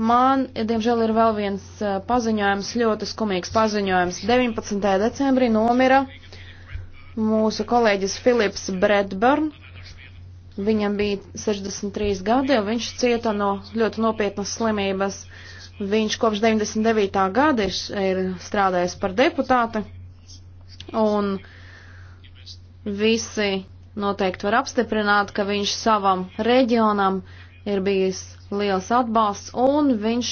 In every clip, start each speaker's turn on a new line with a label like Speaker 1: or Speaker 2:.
Speaker 1: Man, diemžēl, ir vēl viens paziņojums, ļoti skumīgs paziņojums. 19. decembrī nomira mūsu kolēģis Filips Bredburn. Viņam bija 63 gadi, un viņš cieta no ļoti nopietnas slimības. Viņš kopš 99. gada ir strādājis par deputāti, un visi noteikti var apstiprināt, ka viņš savam reģionam ir bijis liels atbalsts, un viņš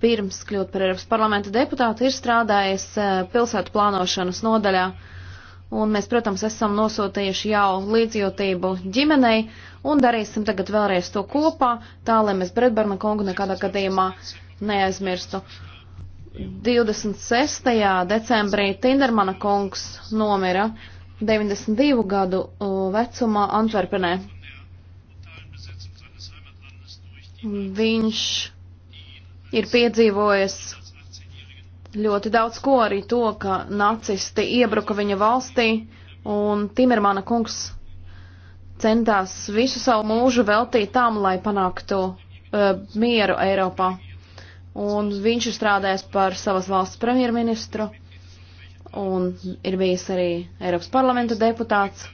Speaker 1: pirms kļūt par Eiropas parlamenta deputātu ir strādājis eh, pilsētu plānošanas nodaļā. Un mēs, protams, esam nosūtījuši jau līdzjūtību ģimenei un darīsim tagad vēlreiz to kopā, tā lai mēs Bredbarna kungu nekādā gadījumā neaizmirstu. 26. decembrī Tindermana kungs nomira 92 gadu uh, vecumā Antverpenē. Viņš ir piedzīvojis ļoti daudz ko arī to, ka nacisti iebruka viņa valstī, un Timermana kungs centās visu savu mūžu veltīt tam, lai panāktu uh, mieru Eiropā. Un viņš ir strādājis par savas valsts premjerministru, un ir bijis arī Eiropas parlamenta deputāts.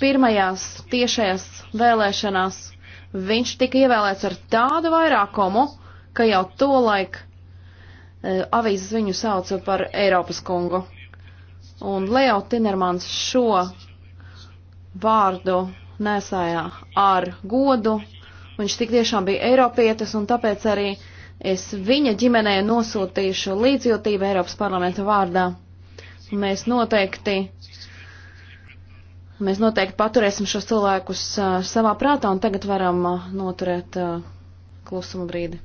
Speaker 1: Pirmajās tiešajās vēlēšanās Viņš tika ievēlēts ar tādu vairākumu, ka jau tolaik uh, e, avīzes viņu sauca par Eiropas kungu. Un Leo Tinermans šo vārdu nesājā ar godu. Viņš tik tiešām bija Eiropietis un tāpēc arī es viņa ģimenē nosūtīšu līdzjūtību Eiropas parlamenta vārdā. Mēs noteikti uh, Mēs noteikti paturēsim šos cilvēkus savā prātā un tagad varam noturēt klusuma brīdi.